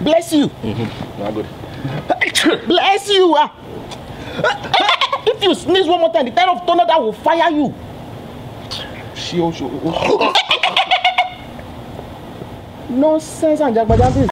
Bless you. Mm-hmm. No, good. Bless you. Ah. If you sneeze one more time, the kind of thunder that will fire you. She also. Nonsense and jagbajagbis.